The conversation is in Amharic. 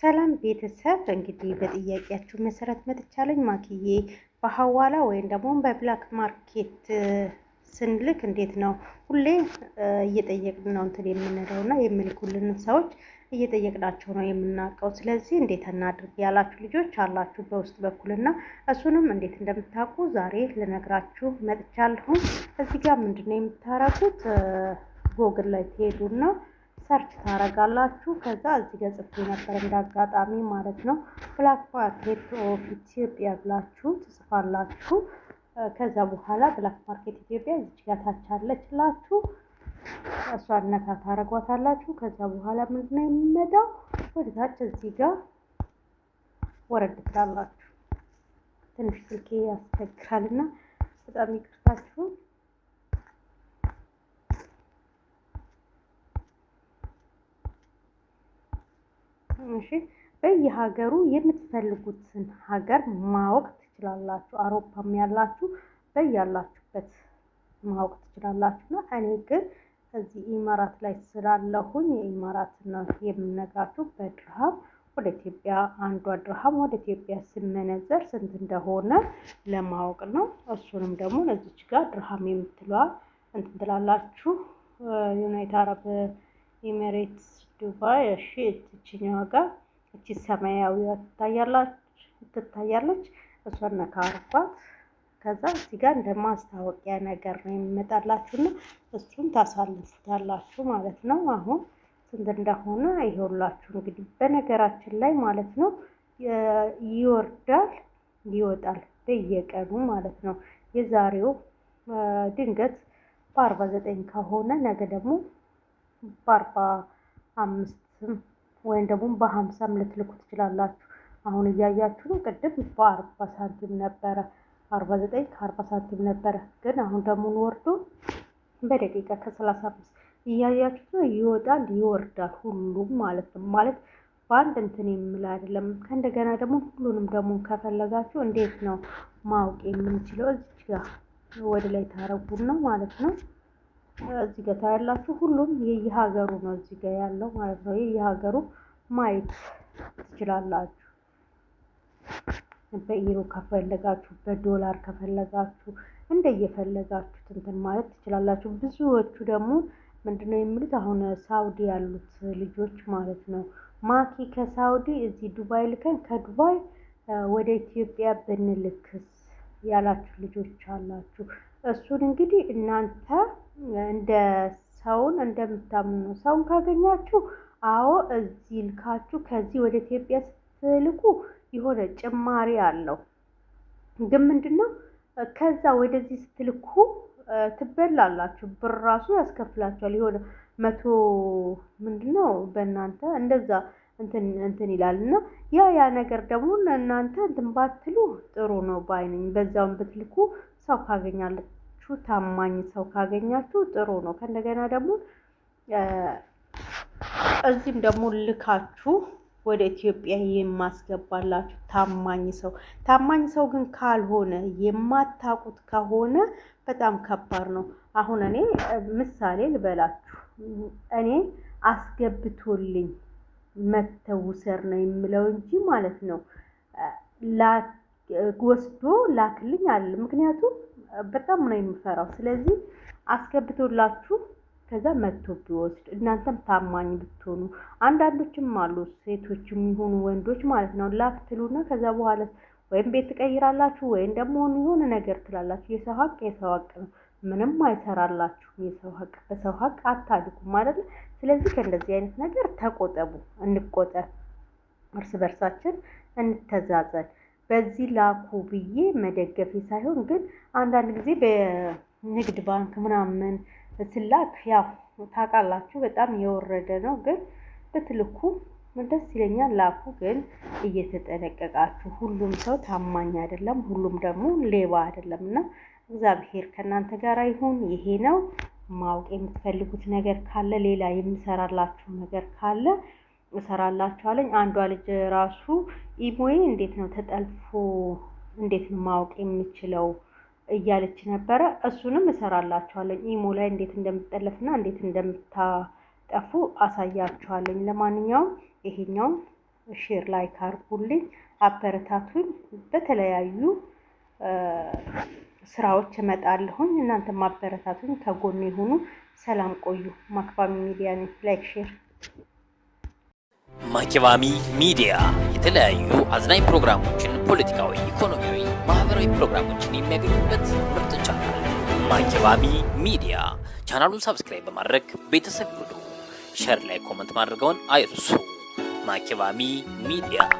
ሰላም ቤተሰብ እንግዲህ በጥያቄያችሁ መሰረት መጥቻለኝ። ማክዬ በሀዋላ ወይም ደግሞ በብላክ ማርኬት ስንልክ እንዴት ነው? ሁሌ እየጠየቅን ነው እንትን የምንለው እና የሚልኩልንን ሰዎች እየጠየቅናቸው ነው የምናውቀው። ስለዚህ እንዴት እናድርግ ያላችሁ ልጆች አላችሁ በውስጥ እና እሱንም እንዴት እንደምታውቁ ዛሬ ልነግራችሁ መጥቻለሁ። እዚህ ጋር ምንድነው የምታረጉት? ጎግል ላይ ትሄዱና ሰርች ታረጋላችሁ። ከዛ እዚህ ጋር ጽፌ ነበር እንዳጋጣሚ ማለት ነው። ብላክ ማርኬት ኦፍ ኢትዮጵያ ብላችሁ ትጽፋላችሁ። ከዛ በኋላ ብላክ ማርኬት ኢትዮጵያ እዚህ ጋር ታች አለችላችሁ። እሷን ነካ ታረጓታላችሁ። ከዛ በኋላ ምንድነው የሚመጣው ወደ ታች እዚህ ጋር ወረድ ትላላችሁ። ትንሽ ስልኬ ያስቸግራልና በጣም ይቅርታችሁ። እሺ በየሀገሩ የምትፈልጉትን ሀገር ማወቅ ትችላላችሁ። አውሮፓም ያላችሁ በያላችሁበት ማወቅ ትችላላችሁ ትችላላችሁና እኔ ግን እዚህ ኢማራት ላይ ስላለሁኝ የኢማራት ነው የምነግራችሁ። በድርሃም ወደ ኢትዮጵያ አንዷ ድርሃም ወደ ኢትዮጵያ ስመነዘር ስንት እንደሆነ ለማወቅ ነው። እሱንም ደግሞ እዚች ጋር ድርሃም የምትለዋ እንትን ትላላችሁ ዩናይት አረብ ኤሜሬትስ ዱባይ እሺ፣ እችኛዋ ጋ እቺ ሰማያዊ ትታያለች። እሷን ነካ ከዛ እዚህ ጋር እንደ ማስታወቂያ ነገር ነው የሚመጣላችሁና እሱን ታሳልፉታላችሁ ማለት ነው። አሁን ስንት እንደሆነ ይሄውላችሁ። እንግዲህ በነገራችን ላይ ማለት ነው ይወርዳል ይወጣል በየቀኑ ማለት ነው። የዛሬው ድንገት በአርባ ዘጠኝ ከሆነ ነገ ደግሞ በአርባ አምስትም ወይም ደግሞ በሀምሳም ልትልኩ ትችላላችሁ። አሁን እያያችሁ ቅድም በአርባ ሳንቲም ነበረ አርባ ዘጠኝ ከአርባ ሳንቲም ነበረ። ግን አሁን ደግሞ ወርዶ በደቂቃ ከሰላሳ አምስት እያያችሁ ይወጣል ይወርዳል፣ ሁሉም ማለት ነው። ማለት በአንድ እንትን የምል አይደለም። ከእንደገና ደግሞ ሁሉንም ደግሞ ከፈለጋችሁ እንዴት ነው ማወቅ የምንችለው? እዚች ጋር ወደ ላይ ታረጉና ማለት ነው እዚህ ጋር ታያላችሁ። ሁሉም የየሀገሩ ነው እዚህ ጋር ያለው ማለት ነው። የየሀገሩ ማየት ትችላላችሁ። በኢሮ ከፈለጋችሁ፣ በዶላር ከፈለጋችሁ እንደየፈለጋችሁት እንትን ማለት ትችላላችሁ። ብዙዎቹ ደግሞ ምንድነው የሚሉት አሁን ሳውዲ ያሉት ልጆች ማለት ነው ማኪ ከሳውዲ እዚህ ዱባይ ልከን ከዱባይ ወደ ኢትዮጵያ ብንልክስ ያላችሁ ልጆች አላችሁ። እሱን እንግዲህ እናንተ እንደ ሰውን እንደምታምኑ ሰውን ካገኛችሁ አዎ እዚህ ልካችሁ ከዚህ ወደ ኢትዮጵያ ስትልኩ የሆነ ጭማሪ አለው። ግን ምንድን ነው ከዛ ወደዚህ ስትልኩ ትበላላችሁ፣ ብር ራሱ ያስከፍላችኋል። የሆነ መቶ ምንድን ነው በእናንተ እንደዛ እንትን ይላል እና ያ ያ ነገር ደግሞ እናንተ እንትን ባትሉ ጥሩ ነው ባይነኝ። በዛውን ብትልኩ ሰው ካገኛችሁ ታማኝ ሰው ካገኛችሁ ጥሩ ነው። ከእንደገና ደግሞ እዚህም ደግሞ ልካችሁ ወደ ኢትዮጵያ የማስገባላችሁ ታማኝ ሰው ታማኝ ሰው ግን ካልሆነ የማታውቁት ከሆነ በጣም ከባድ ነው። አሁን እኔ ምሳሌ ልበላችሁ። እኔ አስገብቶልኝ መተው ውሰር ነው የምለው እንጂ ማለት ነው ላት ወስዶ ላክልኝ አለ። ምክንያቱም በጣም ነው የምፈራው። ስለዚህ አስገብቶላችሁ ከዛ መጥቶ ቢወስድ እናንተም ታማኝ ብትሆኑ። አንዳንዶችም አሉ ሴቶች የሚሆኑ ወንዶች ማለት ነው ላክ ትሉና ከዛ በኋላ ወይም ቤት ትቀይራላችሁ ወይም ደግሞ የሆነ ነገር ትላላችሁ። የሰው ሀቅ የሰው ሀቅ ነው፣ ምንም አይሰራላችሁ። የሰው ሀቅ በሰው ሀቅ ማለት ነው። ስለዚህ ከእንደዚህ አይነት ነገር ተቆጠቡ፣ እንቆጠብ፣ እርስ በርሳችን እንተዛዘን። በዚህ ላኩ ብዬ መደገፌ ሳይሆን ግን አንዳንድ ጊዜ በንግድ ባንክ ምናምን ስላክ ያው ታውቃላችሁ በጣም የወረደ ነው። ግን ብትልኩ ደስ ይለኛል። ላኩ ግን እየተጠነቀቃችሁ። ሁሉም ሰው ታማኝ አይደለም፣ ሁሉም ደግሞ ሌባ አይደለም እና እግዚአብሔር ከእናንተ ጋር ይሁን። ይሄ ነው ማወቅ የምትፈልጉት ነገር ካለ ሌላ የምሰራላችሁ ነገር ካለ እሰራላችኋለኝ። አንዷ ልጅ ራሱ ኢሞዬ እንዴት ነው ተጠልፎ እንዴት ነው ማወቅ የሚችለው እያለች ነበረ። እሱንም እሰራላችኋለኝ። ኢሞ ላይ እንዴት እንደምትጠለፍና እንዴት እንደምታጠፉ አሳያችኋለኝ። ለማንኛውም ይሄኛውን ሼር ላይክ አድርጉልኝ፣ አበረታቱኝ። በተለያዩ ስራዎች እመጣለሁኝ። እናንተ ማበረታቱኝ፣ ከጎን የሆኑ ሰላም ቆዩ። ማክባሚ ሚዲያ ላይክ ሼር ማኪባሚ ሚዲያ የተለያዩ አዝናኝ ፕሮግራሞችን፣ ፖለቲካዊ፣ ኢኮኖሚያዊ፣ ማህበራዊ ፕሮግራሞችን የሚያገኙበት ምርጥ ቻናል ማኪባሚ ሚዲያ። ቻናሉን ሰብስክራይብ በማድረግ ቤተሰብ ይሁኑ። ሸር ላይ ኮመንት ማድረገውን አይርሱ። ማኪባሚ ሚዲያ